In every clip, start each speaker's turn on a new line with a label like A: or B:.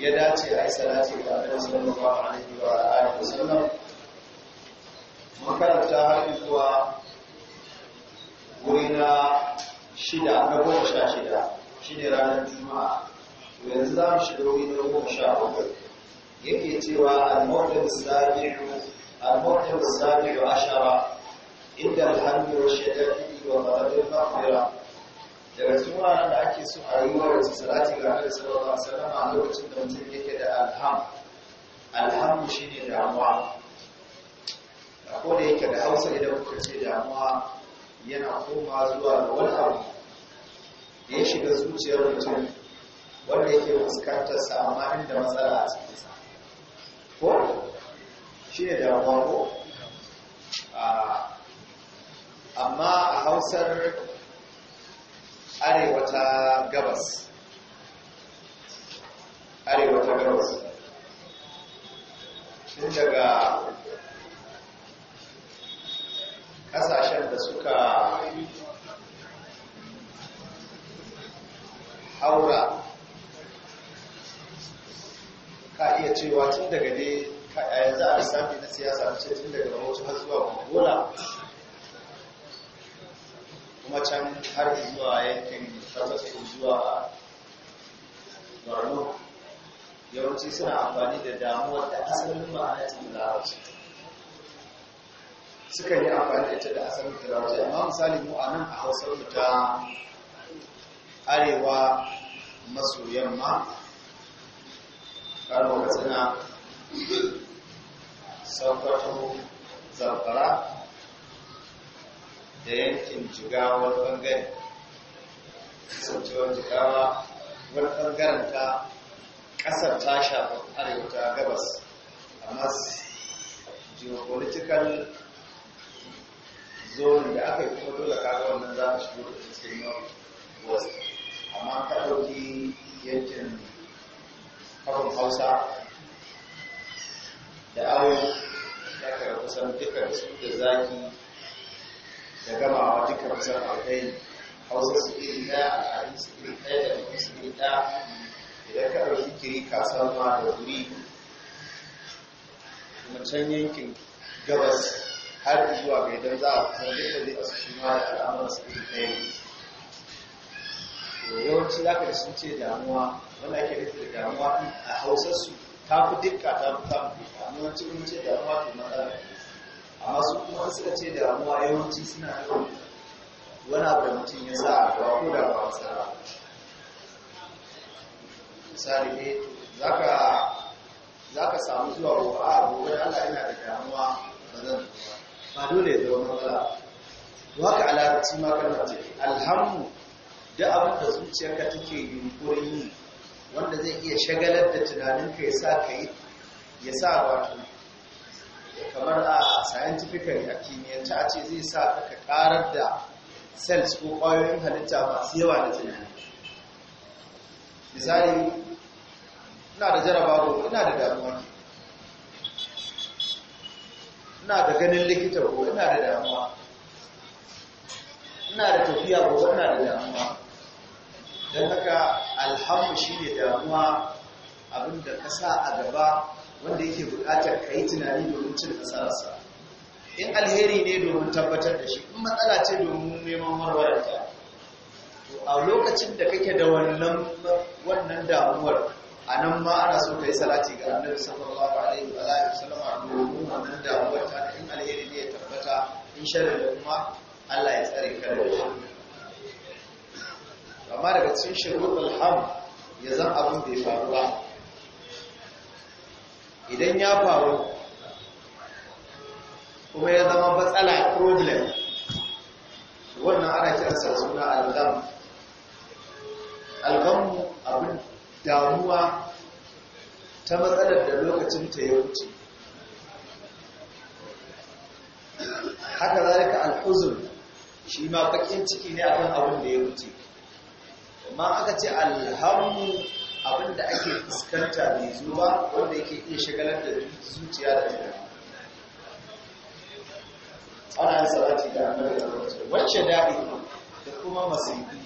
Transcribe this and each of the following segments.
A: ya dace a yi salati ga a sallallahu alaihi wa alihi musamman makaranta har zuwa wuri na shida na goma sha shida shi ne ranar juma'a yanzu za mu shiga wuri na goma sha hudu yake cewa al-mawdin sabi'u al-mawdin sabi'u ashara inda al-hamdu wa shadadi wa qadar al daga cikin wuraren da ake so a yi wawace salati ga annabi sallallahu alaihi wasallam a lokacin da mutum yake da alham alhamu shine damuwa ko da yake da hausa idan muka ce damuwa yana koma zuwa ga wani abu da ya shiga zuciyar mutum wanda yake fuskantar sa amma inda matsala a cikin sa ko shi ne damuwa ko amma a hausar arewa ta gabas arewa ta gabas tun daga kasashen da suka haura ka iya cewa tun daga dai yanzu a lissafi na siyasa ce tun daga rahoto har zuwa mongola kuma can har zuwa yankin fasasko zuwa barno yawanci suna amfani da damuwar da asalin ma'ana cikin larabci suka yi amfani da ita da asalin larabci amma misali mu a nan a hausa ta arewa maso yamma karo suna sokoto zarfara da yankin jigawar bangare kasancewar jigawa wani bangaren ta kasar ta shafa arewa ta gabas amma geopolitical zone da aka yi kuma dole kaga wannan za a shigo da cikin yau west amma ka ɗauki yankin kafin hausa da awo ya kara kusan dukkan su da zaki da gamawa duka kusan alkai hausa su iri ɗaya al'adun su iri ɗaya da mutum su iri ɗaya idan ka ɗauki kiri kasar ma da wuri macen yankin gabas har zuwa ga idan za a kusan duka zai asu shi ma da al'amuran su iri ɗaya ne yawanci za ka sun ce damuwa wanda ake nufi da damuwa a su ta fi dukka ta fi ta fi dukka amma mun ce damuwa to matsala ne amma su kuma suka ce damuwa yawanci suna nufin wani abu da mutum ya sa a gaba ko da ba wasa ba misali ne za ka samu zuwa ruwa a gobe Allah yana da damuwa ba zan ba dole ya zama matsala to haka a larabci ma kalmar take alhamdu da abin da zuciyarka take yunkurin yi wanda zai iya shagalar da tunaninka ya sa ka yi ya sa wato kamar a scientific a kimiyyance a ce zai sa ka karar da cells ko kwayoyin halitta masu yawa da tunani misali ina da jaraba gobe ina da damuwa ina da ganin likita gobe ina da damuwa ina da tafiya gobe ina da damuwa don haka alhamdu shi ne damuwa abinda ka sa a gaba wanda yake buƙatar ka yi tunani domin cin nasararsa in alheri ne domin tabbatar da shi in matsala ce domin neman warware ta to a lokacin da kake da wannan damuwar a nan ma ana so ka yi salati ga annabi sallallahu alaihi wa alihi sallam domin wannan damuwar ta in alheri ne ya tabbata in sharri da kuma Allah ya tsare ka da shi amma daga cikin shirrul ham ya zan abin bai faru ba idan ya faru kuma ya zama matsala problem wannan ana kiransa suna algam algamu abin damuwa ta matsalar da lokacin ta ya wuce haka ka al'uzun shi ma bakin ciki ne akan abin da ya wuce amma aka ce alhammu abin da ake fuskanta mai zuwa wanda yake iya shagalar da zuciya da tunani ana yin salati da amma da lokacin wacce da'i da kuma masifi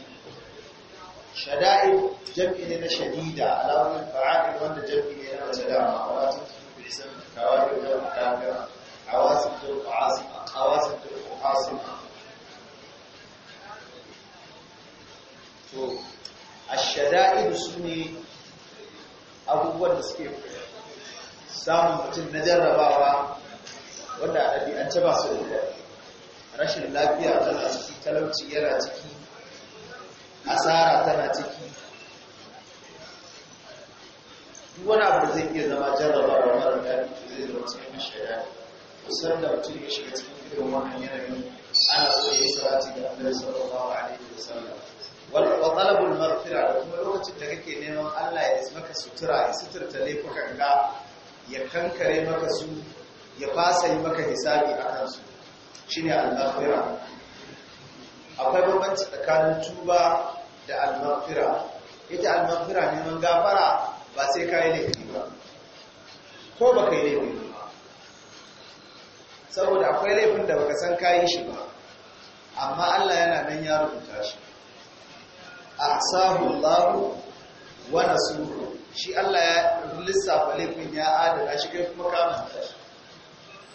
A: shada'i jam'i ne na shadida alamun fara'i wanda jam'i ne na da dama wato bisan kawai da kaga awasin da awasin awasin da awasin to su ne abubuwan da suke samun mutum na jarrabawa wanda a ɗabi'ance ba su da rashin lafiya tana ciki talauci yana ciki asara tana ciki duk wani abu da zai iya zama jarrabawa mara daɗi to zai zama cikin mashaya kusan da mutum ya shiga cikin irin wannan yanayin ana so ya yi sarati da a sallallahu da wasallam wa marfira da kuma lokacin da kake neman Allah ya maka sutura ya suturta laifukan ka ya kankare maka su ya fasa yi maka hisabi a kansu shine al-maghfira akwai bambanci tsakanin tuba da al-maghfira ita neman gafara ba sai ka yi laifi ba ko ba ka yi laifi ba saboda akwai laifin da baka san ka yi shi ba amma Allah yana nan ya rubuta shi ahsahu Allah wa nasuhu shi Allah ya lissafa laifin ya adana shi kai kuma ka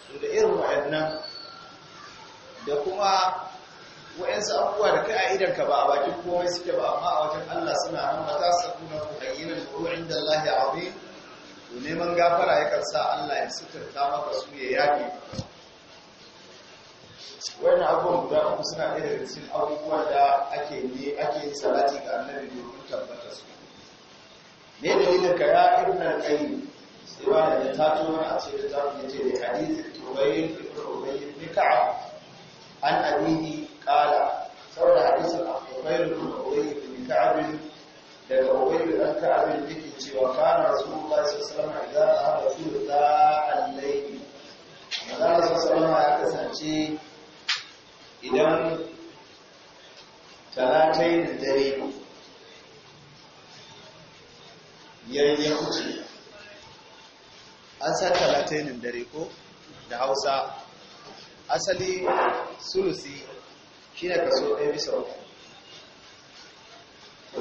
A: shi da irin wayannan da kuma wa'yansu abubuwa da kai a ka ba a bakin komai suke ba amma a wajen Allah suna nan ba za su kuna ku ayyana ku inda Allah ya abi neman gafara yakan sa Allah ya suturta maka su ya yaƙi wani abubuwan guda uku suna ɗaya da cikin abubuwan da ake ne ake yi salati ga annabi domin tabbatar su ne yin ka ya ibn al-qayyim sai ba da ta to wani a cikin ta ne ce da hadisi tubayyin ibn ka'ab an abihi qala saboda hadisin tubayyin ibn ka'ab daga ubayyin bin ka'ab yake cewa kana rasulullahi sallallahu alaihi wasallam idan ahdathu da'a al-layl Allah sallallahu alaihi wasallam ya kasance idan talatai da dare yayyan wuce an san da dare ko da hausa asali sulusi shi ne kaso ɗaya bisa uku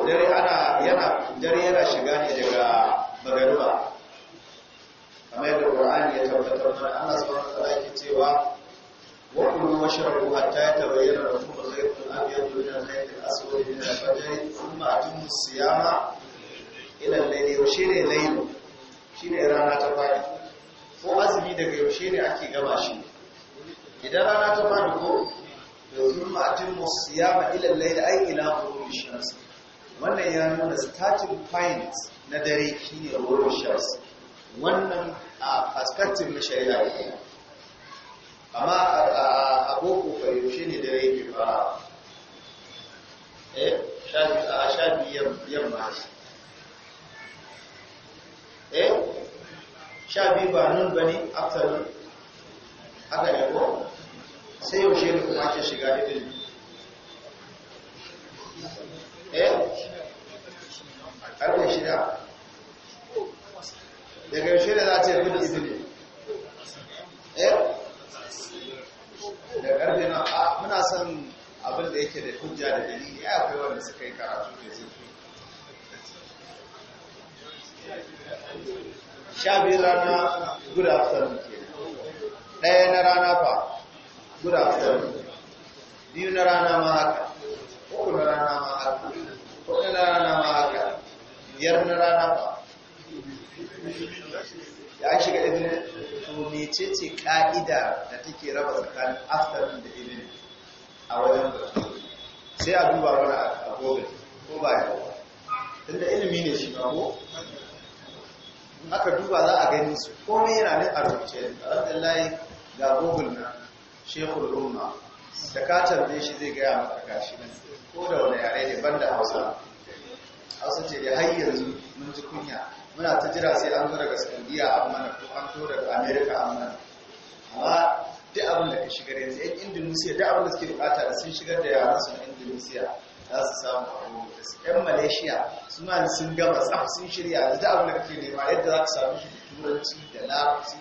A: dare ana yana dare yana shiga ne daga magaruwa kamar yadda ƙur'ani ya tabbatar da ana tsawon wa ta'ala cewa وكلوا واشربوا حتى يتبين لكم الخيط الابيض من الخيط الاسود من الفجر ثم اتم الصيام الى الليل وشين الليل شين رانا تفاعل ko azumi daga yaushe ne ake gama shi idan rana ta fara ko yanzu ma'atin musu ya ma'ilan laila ila wannan ya nuna starting point na dare shine wurin shamsu wannan a perspective na shari'a kenan amma a boko fari shi ne da yake ba eh, a sha biyu yamma eh sha biyu ba nun ba ne afternoon haka ne ko sai yaushe ne kuma ake shiga idil suke raba tsakanin aftarin da ibn a wajen bature sai a duba wani a gobe ko ba ya ba tunda ilimi ne shi ba ko aka duba za a gani su komai yana ne a rubuce da rantsan layi ga google na shekul Roma da katar tambaye shi zai gaya maka gashi nan ko da wani yare ne banda hausa hausa ce da har yanzu mun ji kunya muna ta jira sai an zo daga saudiya a mana ko an zo daga america a mana amma duk abin da ka shigar yanzu yan indonesia duk abin da suke bukata da sun shigar da yaran su na indonesia za su samu abin da su yan malaysia su ma sun gama tsaf sun shirya da duk abin da kake nema yadda za ka samu shi da turanci da larabci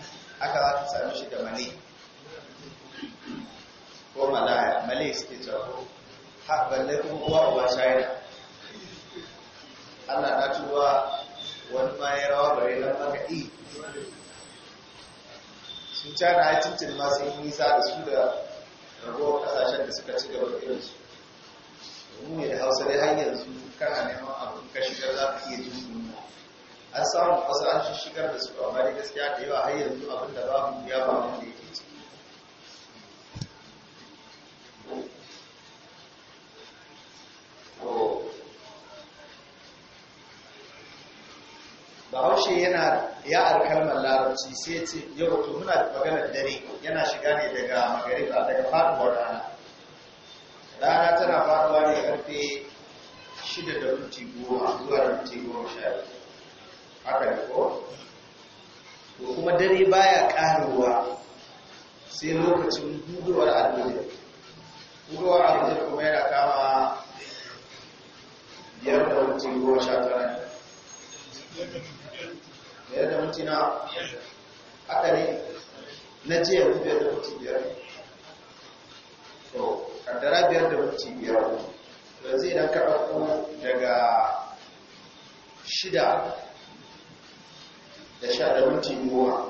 A: aka za ka samu shi da malai ko malaya malai suke cewa ha balle kuma uwa uba china Allah na tuwa wani ma ya rawa bare na maka i su cana ya cincin masu yi nisa da su da ragowar kasashen da suka ci gaba irin su, domin ne da hausa dai har su kana neman abin ka shigar za ka iya jin nuna an samu wasu an shigar da su amma dai gaskiya da yawa har yanzu abin da babu ya ba wanda da yake ci bahaushe yana ya kalmar larabci sai ya ce yau to muna maganar dare yana shiga ne daga magariba daga faduwar rana rana tana faduwa ne karfe shida da minti goma zuwa da minti goma sha haka da ko to kuma dare baya karuwa sai lokacin budowar alfajir budowar alfajir kuma yana kama biyar da minti goma sha tara ne biyar da minti na haka ne na ce ya biyar da minti biyar to kaddara biyar da minti biyar da zai ka ɗauko daga shida da sha da minti goma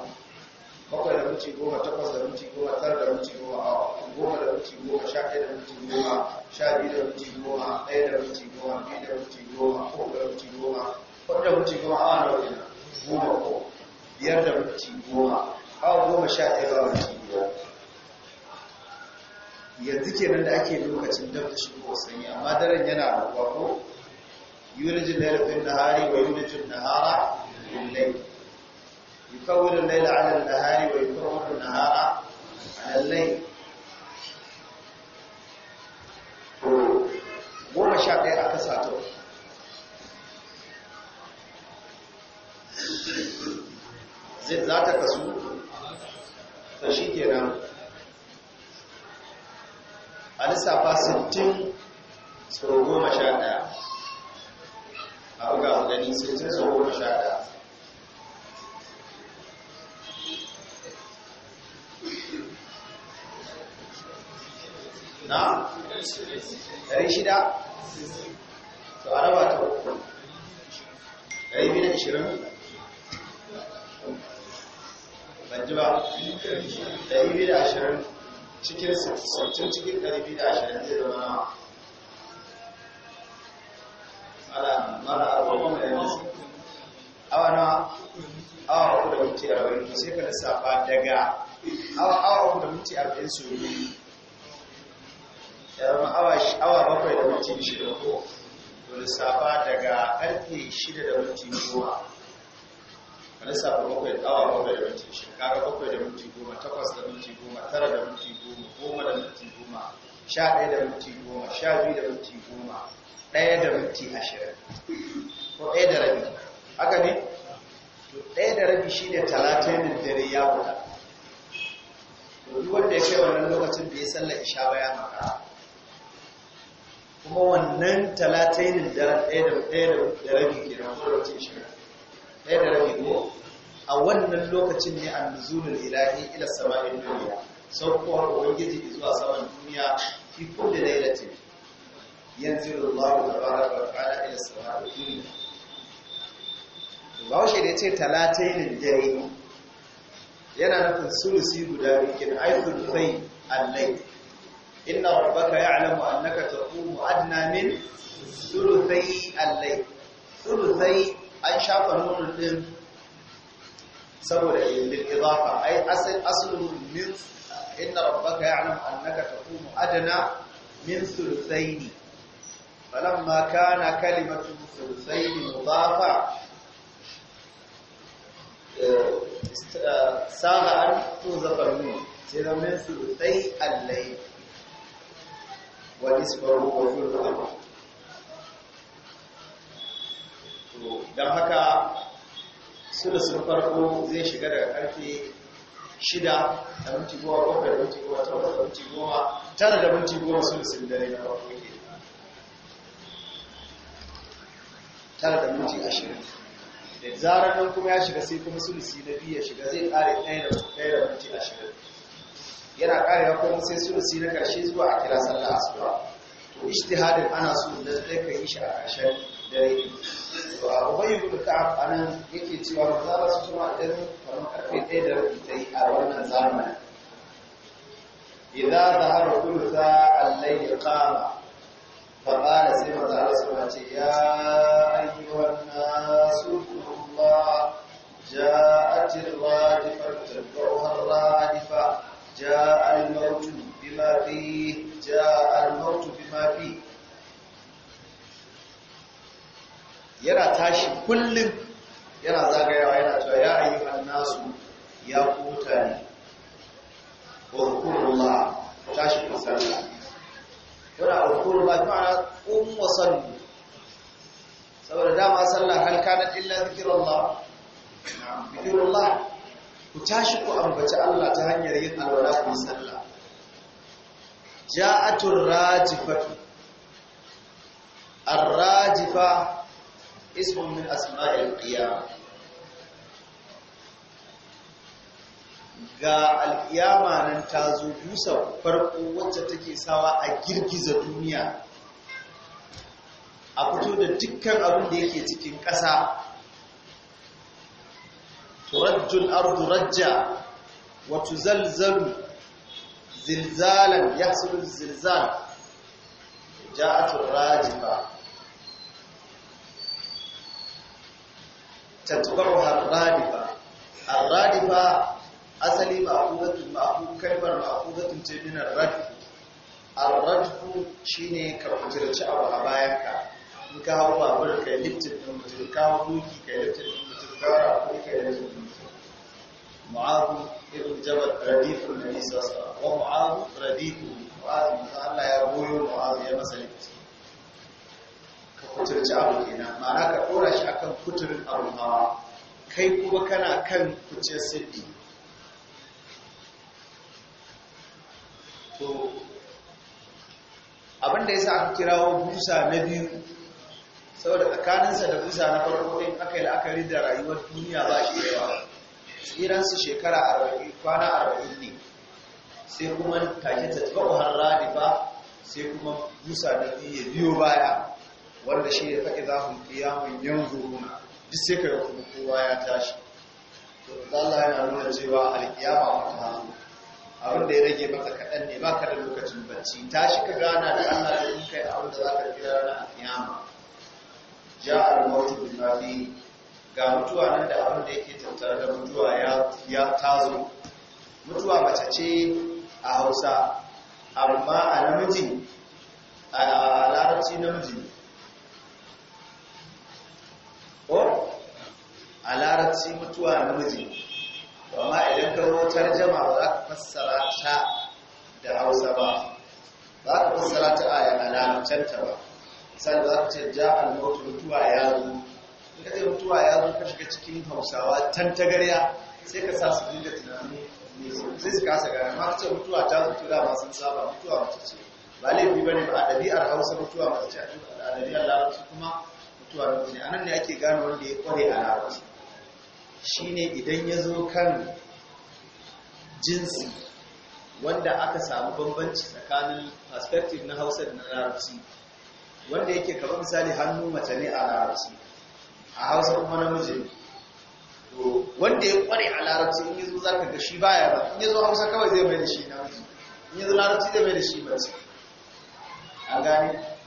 A: bakwai da minti goma takwas da minti goma tara da minti goma a goma da minti goma sha ɗaya da minti goma sha biyu da minti goma ɗaya da minti goma biyu da minti goma uku da minti goma wanda mutu kuma awa nawa wajen goma ko biyar da mutu goma awa goma sha ɗaya ba mutu biyar yanzu kenan da ake lokacin dab shi shigo sanyi amma daren yana rabuwa ko yunajin laila na hari wa yunajin nahara yi laila yukawwilul laila ala an hari wa yukawwilun nahara ala al-layl goma sha ɗaya aka sa ta za ta kasu ta shi nan a lissafa 60 tsoro goma sha ɗaya a buga gani 60 tsoro goma sha ɗaya na? ɗari shida? to a ba ta ɗari biyu da ban ji ba 220 cikin 60 cikin ashirin zai zama mara mara abubuwan da yanzu awa nawa awa uku da minti 40 sai ka daga awa awa uku da minti 40 su yi yarama awa bakwai da minti 20 ko lissafa daga karfe shida da minti 10 wani sabon bakwai awa bakwai da minti shi bakwai da minti goma takwas da minti goma tara da minti goma goma da minti goma sha ɗaya da minti goma sha biyu da minti goma ɗaya da minti ashirin ko ɗaya da rabi haka ne to ɗaya da rabi shi ne talatin dare ya wuta duk wanda ya kai wannan lokacin da ya salla isha baya maka kuma wannan talatin daren ɗaya da rabi ke nan ko da wace shirin ɗaya da rabi ko a wannan lokacin ne an zuwa ilahi ila sama'in duniya saukowar ubangiji zuwa saman duniya fi yanzu da yanzilu da tabara da ta'ala ila sama'in duniya Bahaushe da ya ce talatainin dare yana nufin sulusi guda rikin aikul kai allai inna rabbaka ya'lamu annaka taqumu adna min sulusai allai sulusai an shafa nunun ɗin saboda ilil idafa ai asalin min inna rabbaka ya'lam annaka taqumu adana min thulthaini falamma kana kalimatu thulthaini mudafa eh, saga an tuzafa nun sai da min thulthai al-layl wa nisbahu wa thulthaini don haka sulusun farko zai shiga daga karfe shida da minti goma bakwai da minti goma tara da minti goma tara da minti goma sulusun dare na farko ke tara da minti ashirin da zarar nan kuma ya shiga sai kuma sulusi na biyu ya shiga zai kare ɗaya da minti ashirin yana ya kuma sai sulusi na karshe zuwa a kira sallah asuwa to ishtihadin ana so da zai kai shi a ƙarshen dare to a ubayi gudu ka yake cewa ba za su kuma idan kamar karfe ɗaya da rabi ta yi a wannan zamanin idan da har kullu ta allai ya kama فقال سيدنا رسول ce ya أيها الناس اذكروا الله جاءت الرادفة تتبعها الرادفة جاء الموت بما فيه جاء mautu بما فيه yana tashi kullum yana zagayawa yana cewa ya ayi nasu ya kuta ne urkurullah tashi ku sallah yana urkurullah ma'ana qum kuma sallu saboda dama sallah hal kana illa zikrullah zikrullah ku tashi ku ambaci Allah ta hanyar yin alwala ku sallah ja'atul rajifatu ar-rajifa اسم min asma'il qiyama ga alƙiyama nan ta zo dusa farko wacce take sawa a girgiza duniya a fito da dukkan abin da yake cikin ƙasa turajjul ardu rajja wa tuzalzalu zilzalan yahsulu zilzal ja'atul rajifa tatbaru harradifa harradifa asali ma'qudatun ma'qud kalmar ma'qudatun ce min ar-radf ar-radf shine ka kutirci abu a bayan ka in ka babur kai liftin din mutum ka hawo kai liftin din mutum ka hawo aburi kai liftin din mutum mu'adh ya goyo mu'adh ya masa ka kuturci abu kenan ma'ana ka ɗora shi akan kuturin abu hawa kai kuma kana kan kuciyar sirri to abinda ya sa aka kirawo busa na biyu saboda tsakaninsa da busa na farko ɗin aka yi la'akari da rayuwar duniya ba shi yawa tsiransu shekara arba'in kwana arba'in ne sai kuma take ta taɓa har sai kuma busa na biyu ya biyo baya wanda shi ya faɗi za kiyamun yanzu zuruna duk sai ka yi kowa ya tashi to Allah yana nuna cewa alkiyama ba hannu. abin da ya rage maka kaɗan ne ba ka da lokacin bacci tashi ka gana da Allah da in kai abin da za ka rana a kiyama ja al-mautu bil mafi ga mutuwa nan da abin da yake tattara da mutuwa ya tazo mutuwa mace ce a Hausa amma a namiji a larabci namiji a larabci mutuwa namiji amma idan ka zo tarjama ba za ka fassara ta da hausa ba za ka fassara ta a larabcanta ba misali za ka ce ja al-mautu mutuwa ya zo in ka ce mutuwa ya zo ka shiga cikin hausawa ta garya, sai ka sa su dinga tunani sai su kasa gane ma ce mutuwa ta mutu da ba sun saba mutuwa mace ce ba laifi ba ne ba a ɗabi'ar hausa mutuwa mace ce a ɗabi'ar larabci kuma mutuwa mace ne Nan ne ake gane wanda ya kware a larabci shine idan ya zo kan jinsi wanda aka samu bambanci tsakanin perspective na hausa da na larabci wanda yake kama misali hannu mace ne a larabci a hausa kuma namiji ne wanda ya kware a larabci in yazo zaka ga shi baya ba in yazo hausa kawai zai mai da shi namiji in zo larabci zai mai da shi mace a gane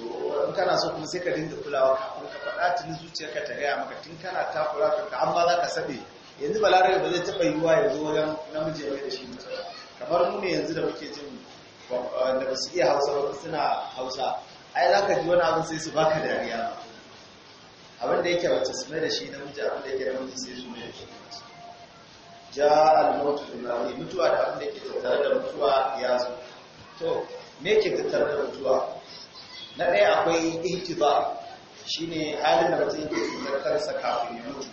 A: in kana so kuma sai ka dinga kulawa kafin ka faɗa tuni zuciyarka ta gaya maka tun kana takura ka ka amma za ka sabe yanzu balarabe ba zai taɓa yiwuwa ya zo wajen namiji ya da shi mutu kamar mu ne yanzu da muke jin eh, da ba su iya hausa ba suna hausa ai za ka ji wani abin sai su baka dariya abin da yake mace su mai da shi namiji abin da yake namiji sai su mai da shi ja al-mautu bil mutuwa da abin da yake tattare da mutuwa ya zo to me yake tattare da mutuwa na ɗaya akwai ihtiza shine halin da mutum yake tsintar kansa kafin ya mutu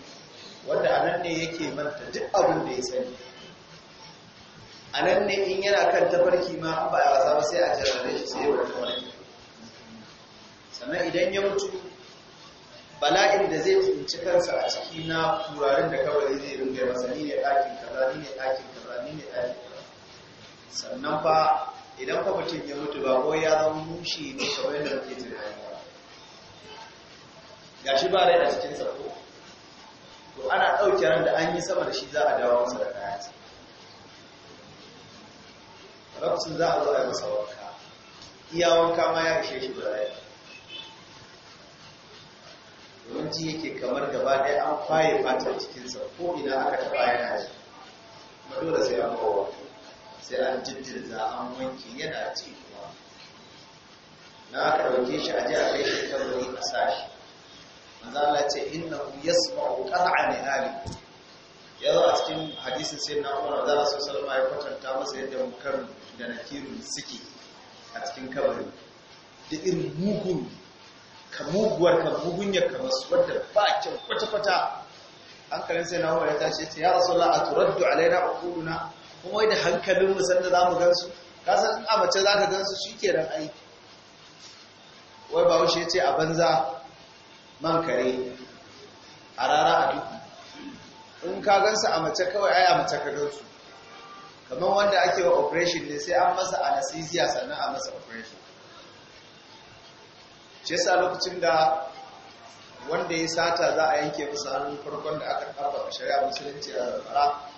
A: wanda a nan ne yake manta duk abin da ya sani a nan ne in yana kan tafarki ma an baya wasa ba sai a jarrare shi sai wata wani sannan idan ya mutu bala'in da zai tsinci kansa a ciki na turarin da kawai zai ringa masa ni ne ɗakin kaza ni ne ɗakin kaza ni ne ɗakin kaza sannan fa idan ka mutum ya mutu ba ko ya zama mushi ne kamar yadda ke tunani ba ga shi ba rai a cikin sako to ana ɗauke ran da an yi sama da shi za a dawo masa da kayansa rafsun za a zo a yi masa wanka iya wanka ma ya ishe shi ba rai domin ji yake kamar gaba ɗaya an faye fatar cikinsa ko ina aka taɓa yana ji kuma dole sai an kowa sai an jirza an wanke yana ci kuma na aka ɗauke shi a ji a kai shi kabari a sashi manzo Allah ce innahu yasma'u qat'a nihali ya zo a cikin hadisin sai na kuma za Rasul sallallahu ya kwatanta masa yadda mukar da na kirin suke a cikin kabari da irin mugun ka muguwar ka ya ka masu wadda ba kyau kwata-kwata karin sai na Umar ya tashi ya ce ya a aturaddu alaina uquluna kuma da hankalin musan da za mu gansu kasan a mace za ka gansu shi ke ran aiki wai ba wushe ce a banza man kare a rara a duk in ka gansu a mace kawai ai a mace ka gansu kamar wanda ake wa operation ne sai an masa anesthesia sannan a masa operation shi yasa lokacin da wanda ya sata za a yanke musu hannun farkon da aka karba shari'a musulunci a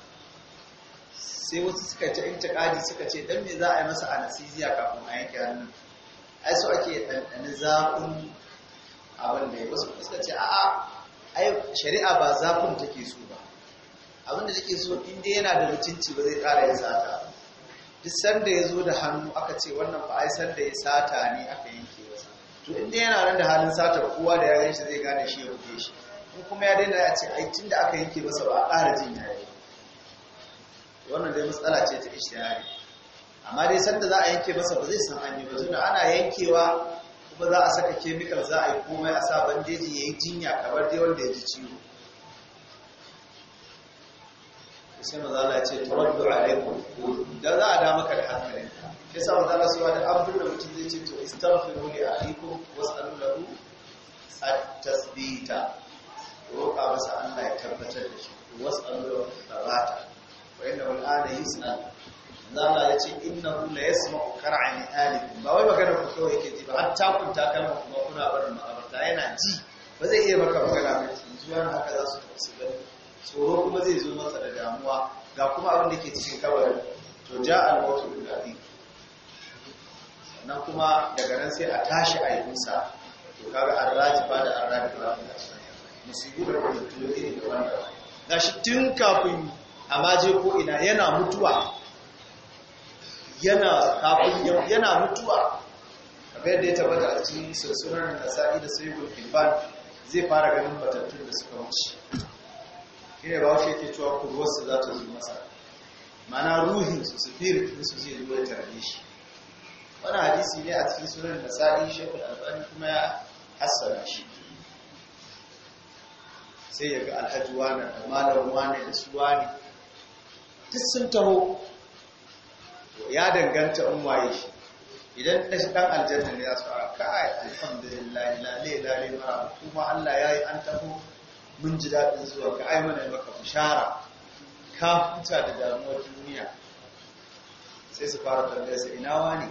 A: sai wasu suka ci intiƙadi suka ce dan me za a yi masa anasiziya kafin a yanke hannun ai so ake ɗanɗani zafin abin da ya wasu suka ce a'a ai shari'a ba zafin take so ba abin da take so in dai yana da mutunci ba zai ƙara yin sata duk sanda ya zo da hannu aka ce wannan ba ai sanda ya sata ne aka yanke wasu to in dai yana nan da halin sata kowa da ya gan shi zai gane shi ya buge shi in kuma ya daina a ce ai tun da aka yanke masa ba a ƙara jin yayi wannan dai matsala ce ta ishtihari amma dai sanda za a yanke masa ba zai san an yi ba tunda ana yankewa kuma za a saka kemikal za a yi komai a sa bandeji ya yi jinya kamar dai wanda ya ji ciwo sai maza Allah ya ce tawaddu alaikum da za a da maka da hankalin ya sa maza Allah suwa da abdul da mutum zai ce to istaghfiru li akhikum was'alu lahu at-tasbita roƙa masa Allah ya tabbatar da shi was'alu lahu tabata fa inna wal ana yusna zalla ya ce kula ya innahu la yasma'u qara'an alikum ba wai magana ku kawai ke ji ba har ta kun kuma kuna barin makabarta yana ji ba zai iya maka magana ba yanzu na haka za su tafi su gani tsoro kuma zai zo masa da damuwa ga kuma abin da ke cikin kabarin to ja al-mautu bil azim sannan kuma daga nan sai a tashi a yi musa to kaga ba da an arrajiba musibu da kuma tuyo ne da wanda shi tun kafin amma je ko ina yana mutuwa yana kafin yana mutuwa kamar yadda ya tabbata a cikin sassunan nasa'i da sai gulfifan zai fara ganin batattun da suka wuce kire ba shi yake cewa kurwarsa za ta zo masa mana ruhin su spirit din su zai zo ya tarbe shi wani hadisi ne a cikin sunan nasa'i shekul alfani kuma ya hassara shi sai ya ga alhaji wani da malam wani da su wani duk sun taho ya danganta in waye shi idan ɗan aljanna ne ya tsara fara kai alhamdulillah lale lale mara kuma Allah ya yi an taho mun ji daɗin zuwa ka ai mana maka bishara ka huta da damuwar duniya sai su fara tambayar su ina wani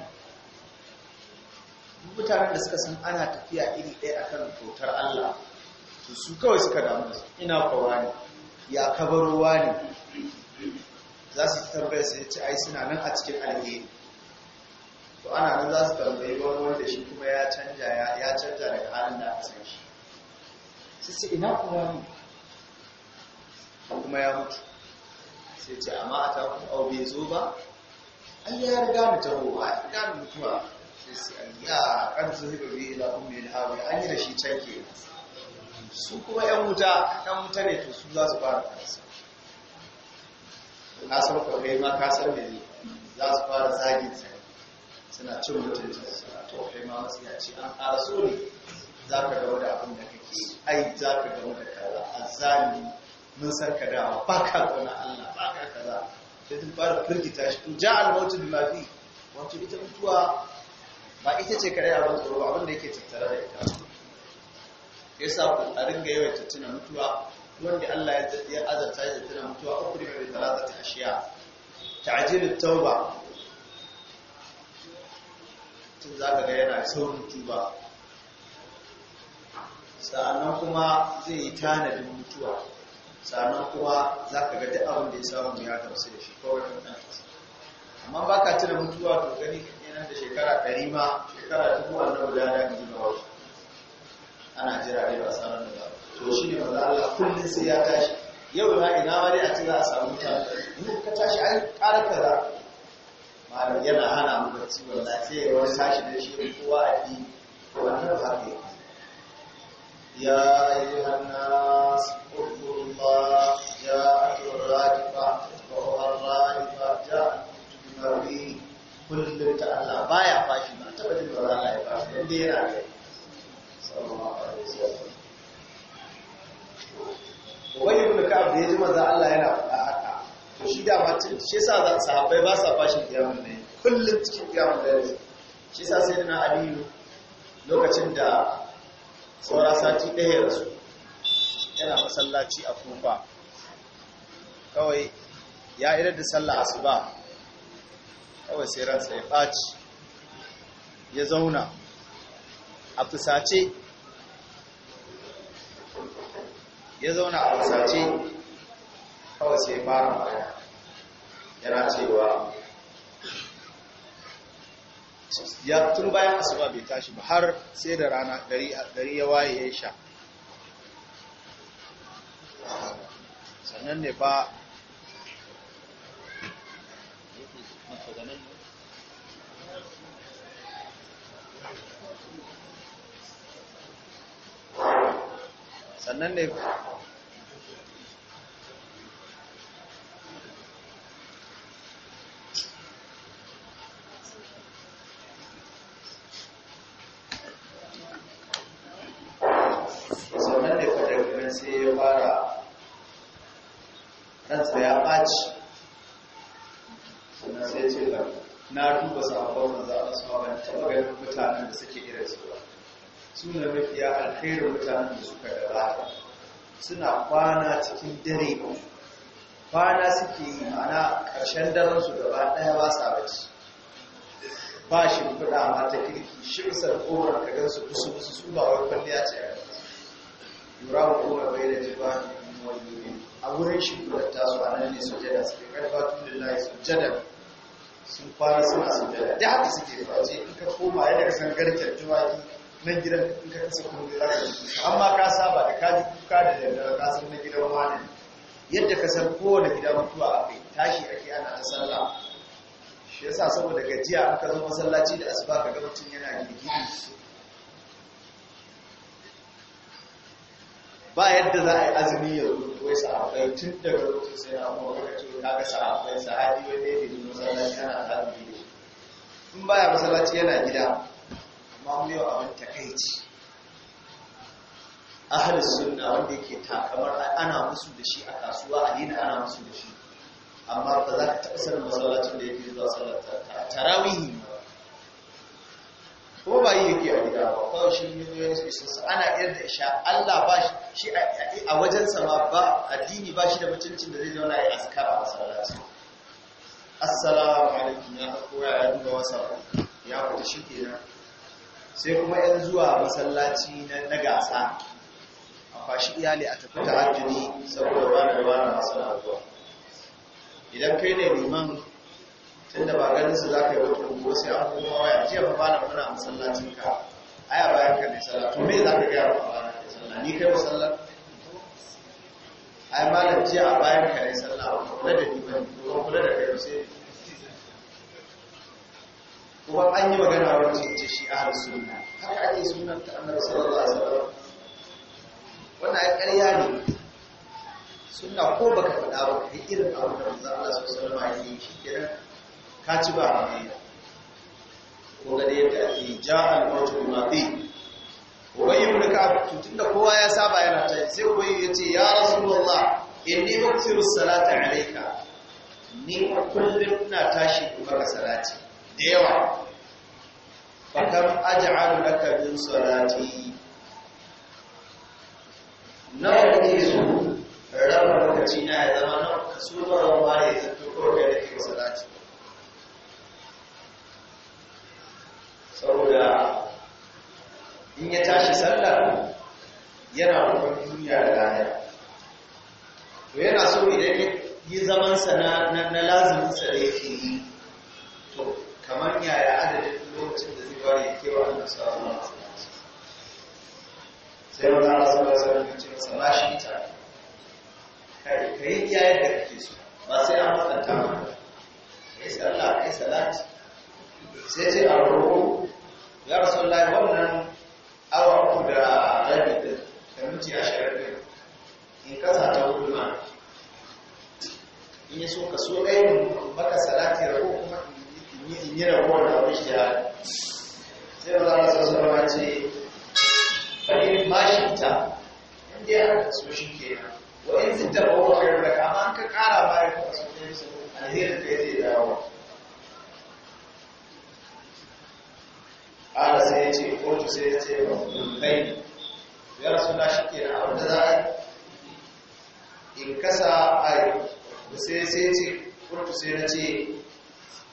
A: mutanen da suka san ana tafiya iri ɗaya akan kyautar Allah to su kawai suka damu ina kowa ne ya kabarowa ne za su tambaya su ci ai suna nan a cikin alheri to ana nan za su tambayi wani wanda shi kuma ya canja ya canja daga halin da aka san shi sai ina kuma ne kuma ya mutu sai ce amma a ta kuma au bai zo ba an ya riga mu taho a riga mutuwa sai sai an ya kan zuhi ba bi ila ummi da hawi an yi da shi canke ke su kuma yan wuta yan wuta ne to su za su fara kansu to ka san ko ma ka san ne za su fara zagin sa suna cin mutuncin su to kai ma wasu ya ce an ƙara so ne za ka ga da abin da kake ai za ka ga da kaza azali mun san ka dama ba ka ƙona Allah ba ka kaza sai sun fara firgita shi to ja al bi mafi wato ita mutuwa ba ita ce kare abin tsoro abin da yake tattare da ita yasa ku a ringa yawan tattuna mutuwa wanda Allah ya azarta ya tana mutuwa kuri mai talata ta ashiya ajiyar tauba tun ka ga yana saurin tuba sa'annan kuma zai yi tanadin mutuwa sa'annan kuma ka ga duk abin da ya samu ya tausa da shi kawai kan nan amma baka tuna mutuwa to gani yana da shekara ɗari ma shekara 1000 annabi da ya ji ana jira dai ba sanar da ba to shi ne wanda Allah kullum sai ya tashi yau na ina ma dai a ci za a samu ta in ka tashi ai ƙara kaza malam yana hana mu barci wallahi sai ya wani tashi da shi kowa a ɗi ko an taɓa haka ya ya ayyuhan nas qulullah ja'atul radifa wa huwa radifa ja'at bi kullum ta Allah baya fashi ba ta wajen taɓa jin Allah ya fashi da yana kai sallallahu wai ka abu da ya ji maza Allah yana faɗa haka to shi da mace shi sa yasa sahabbai ba sa fashi kiyamun ne kullum cikin kiyamun ya shi sa sai na aliyu lokacin da saura sati ɗaya rasu yana masallaci a kuma kawai ya idar da sallah ba, kawai sai ransa ya ɓaci ya zauna a fusace ya zauna a wasace kawai sai fara magana yana cewa ya tun bayan asuba bai tashi ba har sai da rana gari ya waye ya sha sannan ne ba sannan ne sai ya fara ransa ya ɓaci sannan sai ce na duba sabon Suna mafiya alkhairin mutanen da suka gabata suna kwana cikin dare kwana suke yi mana ƙarshen daren su gaba ɗaya ba sa bace ba shi kuɗa ma ta kirki shirsar kowar ka gan su kusa musu su ba wai kwalliya ce a yura ko kowar bai da jiba a wurin shi kuɗa tasu a nan ne sujada suke karfa tunin layi jada sun kwana suna jada da haka suke face in ka koma yadda ka san garken tuwaki nan gidan ka kasa kuma da zaka amma ka saba da ka kuka da yadda ka san na gidan wani yadda ka san kowane gida mutuwa a kai tashi ake ana ta sallah shi yasa saboda gajiya an ka zo masallaci da asuba ka ga mutum yana girgiri ba yadda za a yi azumi ya rubuta wai sahabbai tun daga lokacin sai na kuma kuma to ka ga sahabbai sahabi wai ne da masallaci ana ta in baya masallaci yana gida amma mu ta kai ce. ahalin suna wanda yake takamar ana musu da shi a kasuwa a dina ana musu da shi amma ba za ka taɓa sanin masallacin da yake zuwa a tarawihi ko ba yi yake a gida ba kawai shi ne ya su isa ana iya da isha Allah ba shi a wajen sama ba addini ba shi da mutuncin da zai zauna ya askara a masallaci assalamu alaikum ya koya ya duba wasa ya fita shi kenan sai kuma yan zuwa masallaci na gasa a fashi iyali a tafi tahajjudi saboda wani wani masu na zuwa idan kai ne liman
B: tun da ba ganin su za ka yi wata rubo
A: sai an kuma waya jiya ba bana muna masallacin ka aya bayan ka ne sallah to me za ka gaya wa bana ne sallah ni kai masallar ai malam jiya a bayan ka ne sallah ba kula da ni ba kula da kai sai kuma an yi magana wani su ce shi ahlus suna haka ake suna ta annar sallallahu alaihi wasallam wannan ya ƙarya ne suna ko baka faɗa ba kai irin abin da manzo Allah sallallahu alaihi ya yi shi kenan ka ci ba ne ko ga da yadda ake fi mawtu yi wani ka tutun da kowa ya saba yana ta sai ubayy ya ce ya rasu rasulullah inni uksiru salata alayka ni kullum ina tashi ku maka salati da yawa fakar aj'alu laka min salati nawa kake so raba lokaci na ya zama na ka so ba ran ba ya zato da kai salati saboda in ya tashi sallar yana rukun duniya da lahira to yana so idan yi zamansa na lazimin sa da yi to kamar yaya adadin lokacin da zai ware kewa Allah sallallahu alaihi wasallam sai wani ala sallallahu alaihi wasallam ya ce masa ba shi ita kai kai iya da kake so ba sai an matsanta ba kai sallah kai salati sai ce a roƙo ya lai wannan awa uku da rabi da da minti ashirin in kasa ta hudu ma in yi so ka so ɗaya baka salati ya rago in yi rabuwar da wani shahada sai ba za a sassa ba ce fa'in inda ya so shi ke nan wa'in sittar ba wa ka kara bayan kuma su ne su alherin ya zai dawo ƙara sai ya ce kotu sai ya ce ba ya rasu na shi ke da za a in kasa a yi sai ya ce kotu sai ya ce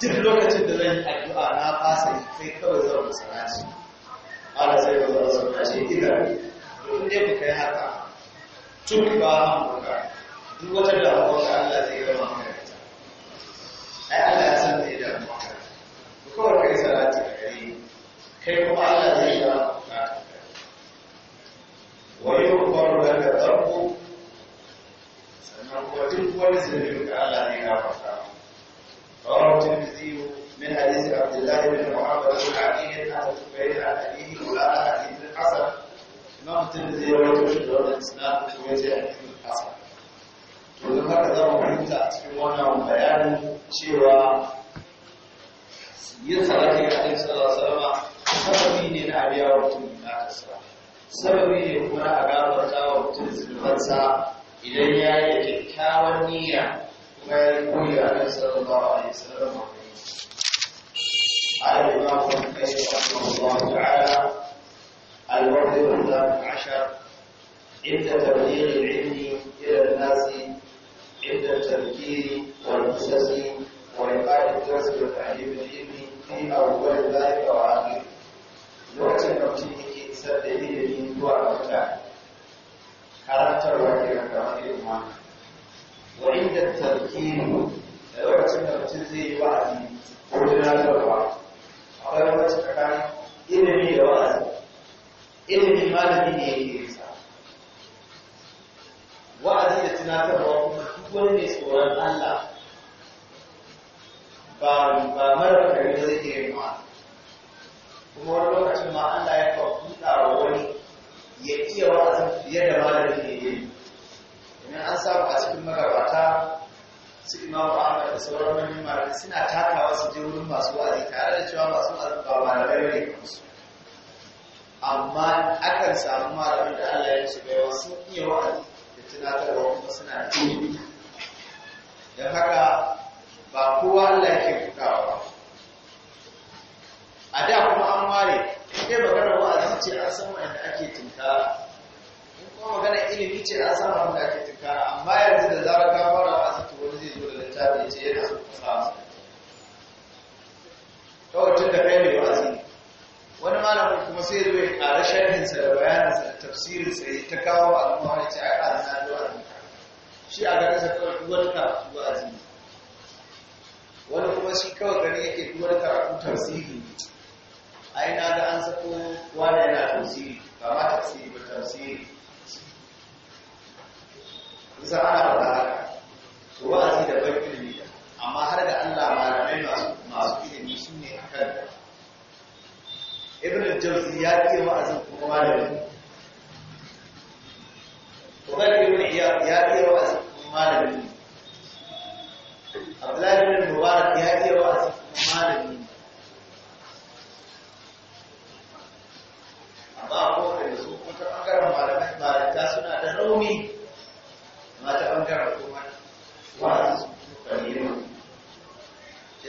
A: duk lokacin da zan yi addu'a na fasa sai kawai zan musalaci ala sai ba za su kashe idan duk dai ku kai haka tun ba hamburka duk wata damuwa ga Allah zai gama kai ai Allah ya san me damuwa ka ko kai salati da gari kai kuma Allah zai gama wa yau kwaru da ka zarko sannan kuma duk wani zai yi ga Allah ذلك معاملة علي عن الزبير عن أبيه ولا عن حديث الحسن إمام الترمذي رويته في دولة الإسلام ورويته عن حديث الحسن ولما كذا فهمت أتفهم وانا بيان شيوا yin salati ga Annabi sallallahu alaihi wasallam sababi ne na abiya wa mutum na kasra sababi ne kuma na agabarta wa mutum zulmansa idan ya yi kyakkyawan niyya kuma ya koyi Annabi sallallahu alaihi wasallam قال الإمام ابن كثير رحمه الله تعالى الموضع الثالث عشر عند تبليغ العلم إلى الناس عند التذكير والقصص lokacin da mutum yake isar da zuwa lokacin da mutum zai yi wa'azi ko tunatarwa akwai wani tsakanin ilimi da wa'azi ilimi malami ne yake yin sa wa'azi da tunatarwa kuma duk wani mai tsoron Allah ba ba mara kare zai yin wa'azi kuma wani lokacin ma Allah ya fa buɗa wa wani ya iya wa'azin fiye da malami ne yake idan an samu a cikin magabata su imamu ahmad da sauran manyan malamai suna takawa su je wurin masu wa'azi tare da cewa masu wa'azi ba malamai bane kansu amma akan samu malamin da Allah ya su baiwa sun iya wa'azi da tunatarwa kuma suna da ilimi don haka ba kowa Allah yake bukawa ba a da kuma an ware sai magana wa'azi ce an san wanda ake tunkara
B: in kuma magana ilimi ce an san wanda ake tunkara amma yanzu da zarar ka
A: fara littafi yana so kawai tun da kai ne wa'azi wani malamin kuma sai zo ya ƙara sharhinsa da bayaninsa da tafsirin, sai ta kawo al'umma ya ce ai a zina da wa'azi shi a ganin sa kawai duk wani karatu wa'azi ne wani kuma shi kawai gani yake duk wani karatu tafsiri ne ai ga an sako wani yana tafsiri ba ma tafsiri ba tafsiri isa ana faɗa haka wa'azi da baki. amma har da Allah malamai masu masu ilimi su ne a kan ibn al-jawzi ya ce wa'azin kuma malami Umar ibn Iyad ya ce wa'azin kuma malami Abdullahi ibn Mubarak ya ce wa'azin kuma malami amma ko da su kuma bangaren malamai malaka suna da rauni
B: mata bangaren
A: kuma wa'azin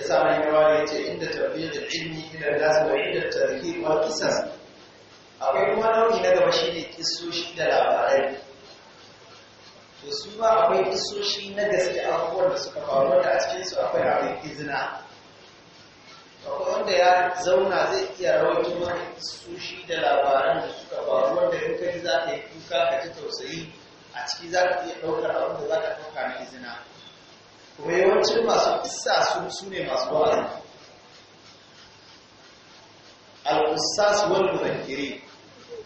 A: yasa mai gawa ya ce inda tafiyar da ilmi ila nasu wa inda tarhib wa kisas akwai kuma nau'i na gaba shine kisoshi da labarai to su ma akwai kisoshi na gaske abubuwan da suka faru wanda a cikin su akwai abin izina akwai wanda ya zauna zai iya rawaito maka kisoshi da labaran da suka faru wanda in ka ji za ka yi kuka ka ji tausayi a ciki za ka iya ɗaukar abin da za ka ɗauka na izina kuma yawancin masu ƙissa su ne masu wa'azi al-qissas wal mudhakkiri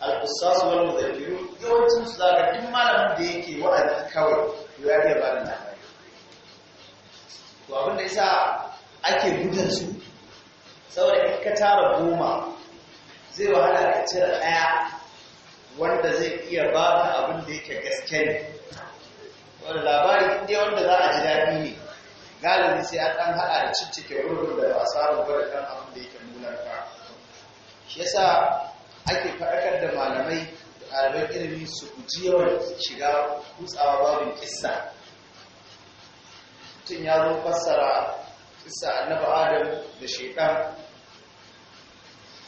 A: al-qissas wal mudhakkiru yawancin su zaka duk malamin da yake wa'azi kawai to ya iya bada labari to abin da isa ake gudun su saboda in ka tara goma zai wahala ka cire ɗaya wanda zai iya ba ka abin da yake gaske ne wanda labari inda wanda za a ji daɗi ne galibi sai an ɗan haɗa da ciccike wurin da asarar gwada kan abin da yake nunar ka shi yasa ake faɗakar da malamai da ɗaliban ilimi su guji yawan shiga kutsawa babin kissa tun ya zo fassara kissa annabi adam da shaitan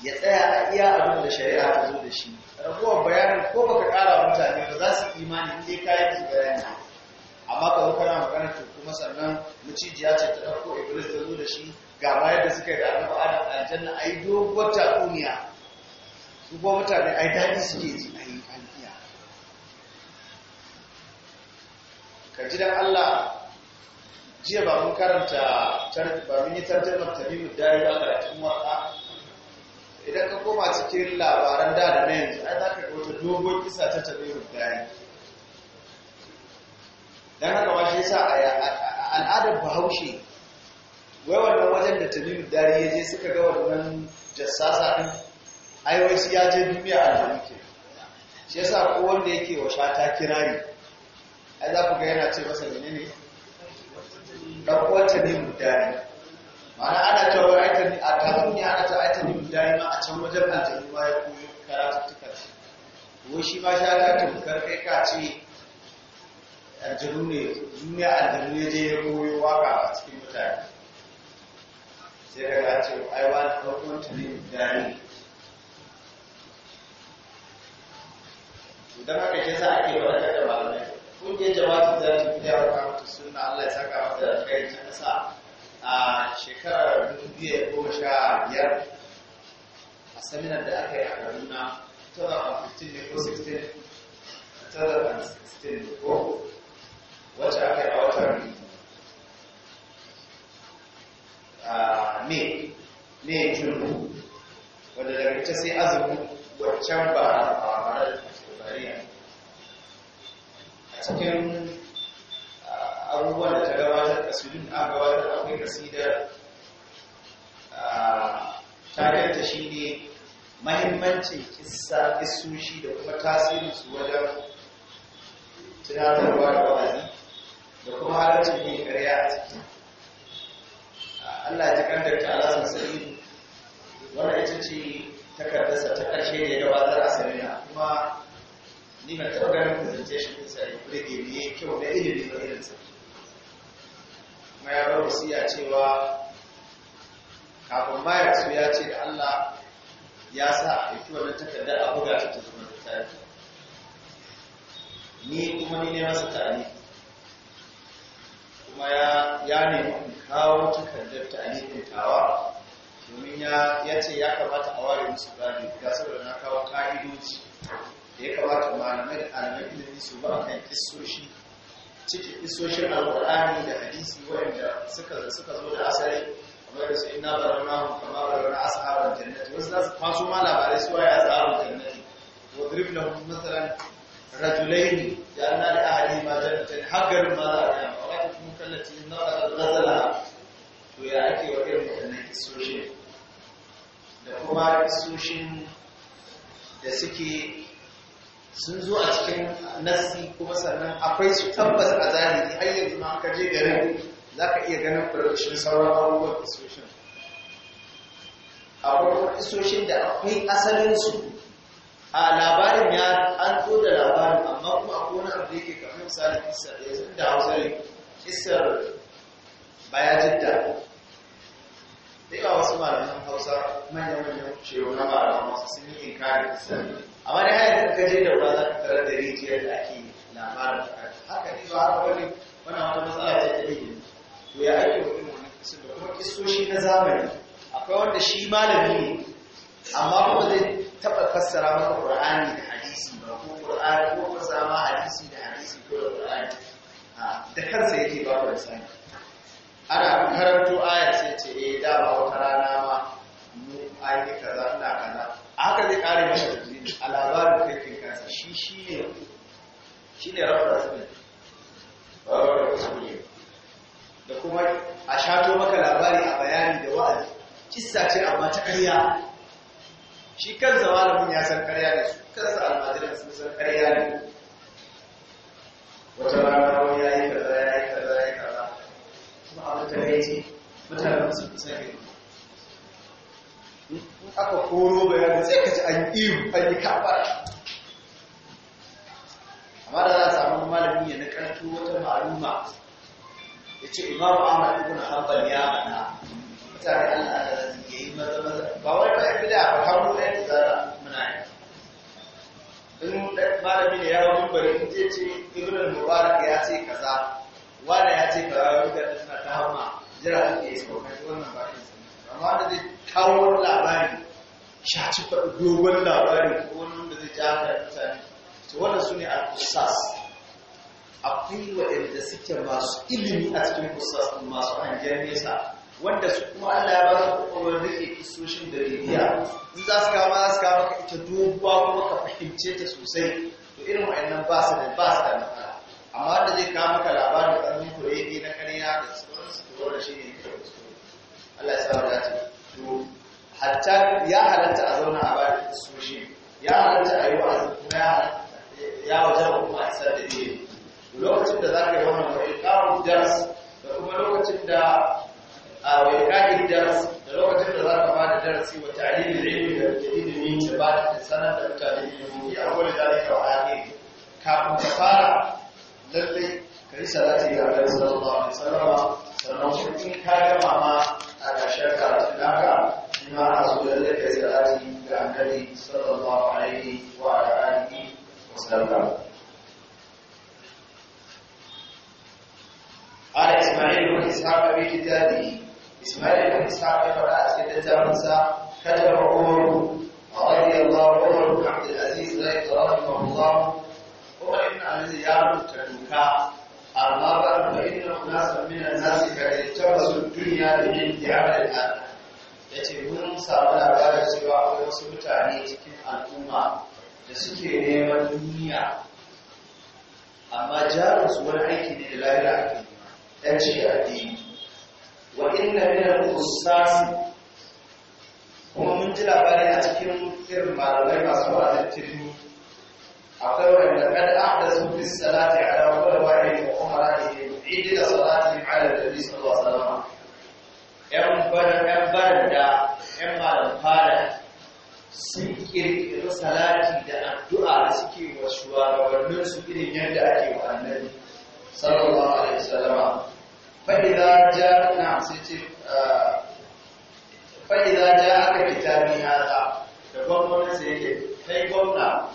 A: ya tsaya a iya abin da shari'a ta zo da shi ragowar bayanin ko baka ƙara mutane ba za su imani in dai kayan bayani amma ka kana magana to kuma sannan mucijiya ce ta ɗauko iblis ta zo da shi ga ma da suka yi da annabi adam aljanna ai dogon tatsuniya su kuma mutane ai daɗi suke ji a yi iya ka ji dan Allah jiya ba mun karanta ba mun yi tarjamar mu dari ba karatun waka idan ka koma cikin labaran da da na yanzu ai za ka ga wata dogon kisa ta mu dari don haka ba shi yasa al'adar bahaushe wai wannan wajen da tamimu dari ya je suka ga wannan jassasa din ai wai shi ya je duniya aljanu ke shi yasa ko wanda yake wa shata kirari ai za ku ga yana ce masa ne. dan uwan tamimu dari ma'ana ana ta wai ai a kafin ne ana ta ai tamimu dari ma a can wajen aljihu ma ya koyo karatuttukan shi wai shi ma shata tukar kai ka ce aljanu ne ya aljanu ne je ya koyo waka a cikin mutane sai ka ga ce ai wani farkon ta ne dani idan haka ke sa ake warkar da malamai kungiyar jama'atu da ta fi yawon kamata suna allah ya saka mata da kai ta kasa a shekarar dubu biyar sha biyar a saminar da aka yi a kaduna 2015 ne ko 16 2016 ko wacce aka yi a watan ne ne junu wadda daga ita sai azumi wancan ba a mara tsofariya a cikin ah, abubuwan da ta gabatar a su a gabatar akwai kasidar ah, tarihinta shi ne mahimmancin kissa kisoshi da kuma su wajen tunatarwa da wa'azi da kuma halarci yin karya a ciki Allah ya kan dakta alasan sa'idu wannan ita ce takardarsa ta ƙarshe da ya gabatar a kuma ni na taɓa ganin presentation ɗinsa ya kure da ya kyau na ilimi ba sa kuma ya bar wasiya cewa kafin ma ya su ya ce da Allah ya sa a ɗauki wannan takardar a buga ta ta zama da ni kuma ni ne masa tarihi kuma ya nemi kawo takardar ta alifin tawa domin ya ce ya kamata a ware musu gani ga saboda na kawo ka'idoci da ya kamata malamai da alamai ilimi su ba kan kisoshi ciki a alƙur'ani da hadisi waɗanda suka zo da asali kamar da su inna mahu kama barana ashabar jannati wasu za su kwaso ma labarai su waye ashabar jannati wa drib lahum masalan rajulaini da anna li ahadihima jannatan haggarin ma za a yi التي نقضت غزلها ويأتي ake waɗannan kisoshin da kuma kisoshin da suke sun zo a cikin nassi kuma sannan akwai su tabbas a zahiri har yanzu ma ka je garin za ka iya ganin furfushin sauran abubuwan kisoshin akwai kuma da akwai asalinsu
B: a labarin ya an zo da labarin amma
A: kuma akwai wani abu da yake kamar misali kisa da ya da hausa ne kisar bayajidda da yawa wasu malaman hausa manya-manyan shiro na malaman wasu sun yi inkari a wani hanyar da kaje da ruwa za ka tarar da rijiyar da ake labarin haka ne ba haka wani wani wata matsala ce ta yi to ya ake wani wani kisu da kuma kisoshi na zamani akwai wanda shi malami ne
B: amma kuma zai
A: taɓa fassara maka ƙur'ani da hadisi ba ko ƙur'ani ko fassara ma hadisi da da kansa yake ba da sani ana karanto aya sai ce eh da ba wata rana ma mu ayi kaza ina kaza haka zai kare masa jini a labarin kake kansa shi shi ne shi ne rafa su Ba rafa da su da kuma a shato maka labari a bayani da wa'azi kissa ce amma ta karya shi kansa malamin ya san karya ne su kansa almajiran sun san karya ne wata rana wani ya yi aka koro bayanin sai ka ji an an yi amma da za a samu malami ya na karfi wata maluma ya ce imamu ahmad kuna hanbal ya ana mutane allah da ya yi maza maza ba wani ba bida ba har mu ɗaya tsara muna yi in malami ne ya wani bari in ce ce mubarak ya ce kaza wada ya ce ba mutane suna ta hama jira suke yi sauka shi wannan ba amma da zai kawo wani labari sha ci faɗi dogon labari ko wani wanda zai ja hankali mutane to wannan su ne al-qisas akwai waɗanda suke masu ilimi a cikin kusas masu hangen nesa wanda su kuma Allah ya ba su kwakwalwar ke kisoshin da rediya in za su kama za su kama ka ita dubuwa kuma ka fahimce ta sosai to irin waɗannan ba su da ba su da amma da zai kama maka labarin ƙarfin kurege na ƙarya da su to wanda shi ne ke Allah ya sa wa wadata to hatta ya halatta a zauna a bada sushi ya halatta a yi wa'azi kuma ya wajen kuma a isar da iya lokacin da za ka yi wannan wai kawo daras da kuma lokacin da a wai kaɗin daras da lokacin da za ka ba da darasi wa tarihin ilimi da ilimi da ba da sanar da mutane ilimi ya wani zalika wa ake kafin ka fara lallai ka yi salati ga Allah sallallahu alaihi wasallam sannan kuma in ka gama ma a ƙarshen karatu naka shi ma ana so lallai ka yi salati ga Annabi sallallahu alaihi wa alihi wasallam قال إسماعيل بن إسحاق في كتابه إسماعيل بن إسحاق فرأت في التامسة كتب عمر رضي الله عنه عبد العزيز رحمه الله وإن أن يارب تدوكا المرأة فإن أناسا من duniya قد اجترسوا الدنيا من ديار الآن yace mun samu labarin cewa akwai wasu mutane cikin al'umma da suke neman duniya amma jarinsu wani aiki ne da lahira ake ɗan ce addini wa inna min al kuma mun ji labarin a cikin irin malamai masu wa'azin akwai wanda da ahda su fi salati ala kulli wahid wa umarati idi da salati ala nabi sallallahu alaihi wasallam yan bana yan banda yan malam fara sun kirkiri salati da addu'a da suke wa shugabannin su irin yadda ake wa annabi sallallahu alaihi wasallam fa idza ja'a na sai da gwamnati kai gwamnati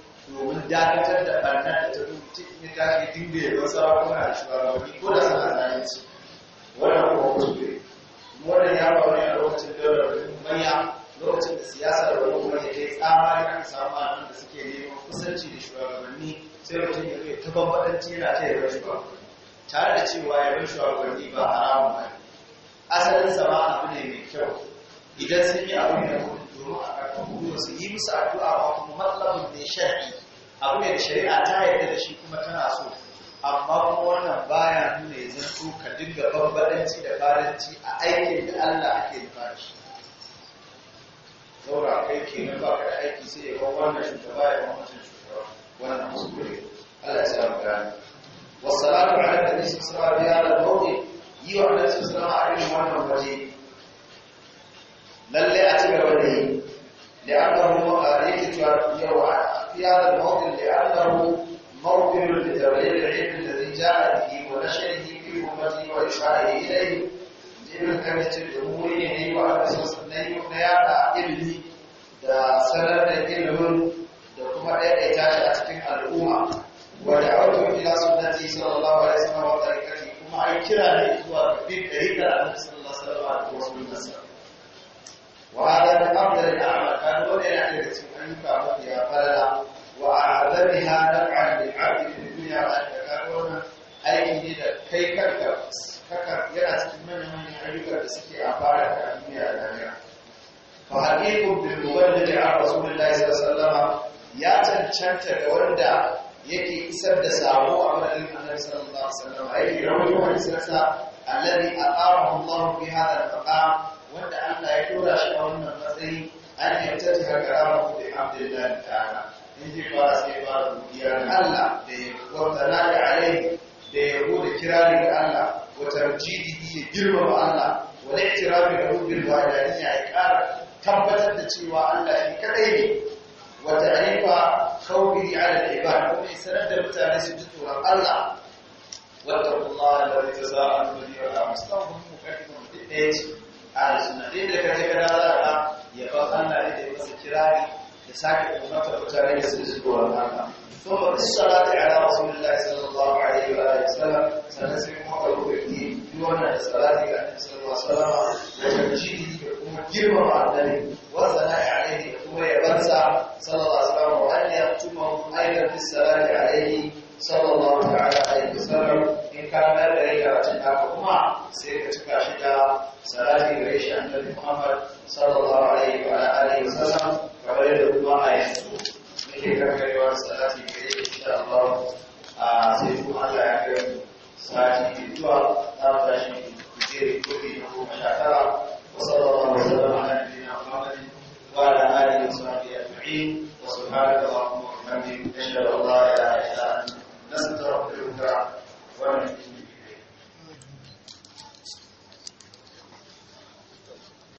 A: domin dakatar da barna da ta rubuta ne ta ke dinga yabon sarakuna da shugabanni ko da suna zalunci wannan kuma kuskure wannan ya faru ne a lokacin daular manya lokacin da siyasa da wani kuma ya kai tsamari aka samu a da suke neman kusanci da shugabanni sai mutum ya kai ta bambadanci yana ta yabon shugabanni tare da cewa yabon shugabanni ba haramun ba asalin sama abu ne mai kyau idan sun yi abu ne domin a su yi musu addu'a ba kuma matsalabin ne shari'i abu ne da shari'a ta yadda da shi kuma tana so amma kuma wannan baya nuna ya zanto ka dinga bambadanci da faranci a aikin da Allah ake nufa shi zaura kai ke nan ba ka da aiki sai ya kawo wannan shugaba ya kawo wancan shugaba wannan kuskure Allah ya sa mu gane wasu ala nabi sallallahu alaihi wa sallam yi wa nabi sallallahu alaihi wa sallam waje lalle a ci gaba da yi لأنه عليه اختيار الموطن لأنه موطن لتبليغ العلم الذي جاء به ونشره في أمته وإشعاره إليه لملتمس الأمور إليه وعلى أساس أنه يقنع علمه da sanar da ilimin da kuma ɗaya shi a cikin al'umma wa da'awatu ila sunnati sallallahu alaihi wasallam wa tarikati kuma an kira ne zuwa ga bin dariƙar annabi sallallahu alaihi wasallam وهذا من أفضل الأعمال كان ولي أن يتسمعنك أبوكي فلا وأعظمها نفعا للعبد في الدنيا وأن تكون أي جديدة كي كركب كركب يرى سكمنا من يعجبك بسكي أفارك عن الدنيا الآخرة فحقيق بالمبلغ عن رسول الله صلى الله عليه وسلم يا تنشنت وردا yake isar da sabo a madadin annabi sallallahu alaihi wasallam ai rawayo hadisansa alladhi aqarahu Allah fi hadha al-taqam wa ta'ala yadura shi a wannan matsayi an yattaji ga karama ku bi abdillahi ta'ala in ji ba sai ba dukiya Allah da ya kwanta na ga alai da ya gode kira ga Allah wa tarjidi bi girma ba Allah wa la ikrami ga rubbil walidain ya ikara tabbatar da cewa Allah shi kadai ne wa ta'rifa khawfi ala al-ibad kuma sanar da mutane su ji tsoron Allah واتقوا الله الذي تساءلون به والارحام هم مكلفون بالبيت اهل السنه دين da kaje kada za ka ya ba Allah ne da masa kirari da sake ummata mutane da su zuwa Allah ثم بالصلاة على رسول الله صلى الله عليه وآله وسلم سنسمع قلوب الدين دون الصلاة على النبي صلى الله عليه وسلم وتمجيده يكون جرم مع النبي والثناء عليه يكون يبنسى صلى الله عليه وسلم وأن يختمه أيضا في الصلاة عليه sallallahu ta'ala alaihi wasallam in ka mayar da rai karatun naka kuma sai ka cika shi da salati da shi annabi Muhammad sallallahu alaihi wa alihi wasallam kamar yadda kuma a yanzu muke karkarewa salati gare shi insha Allah sai kuma Allah ya kai mu sati zuwa za tashi jeri kudi na goma sha tara wa sallallahu alaihi wa ala nabiyyina Muhammad wa ala alihi wa sahbihi ajma'in wa subhanaka wa bihamdika ashhadu an la نستغفرك ونتوب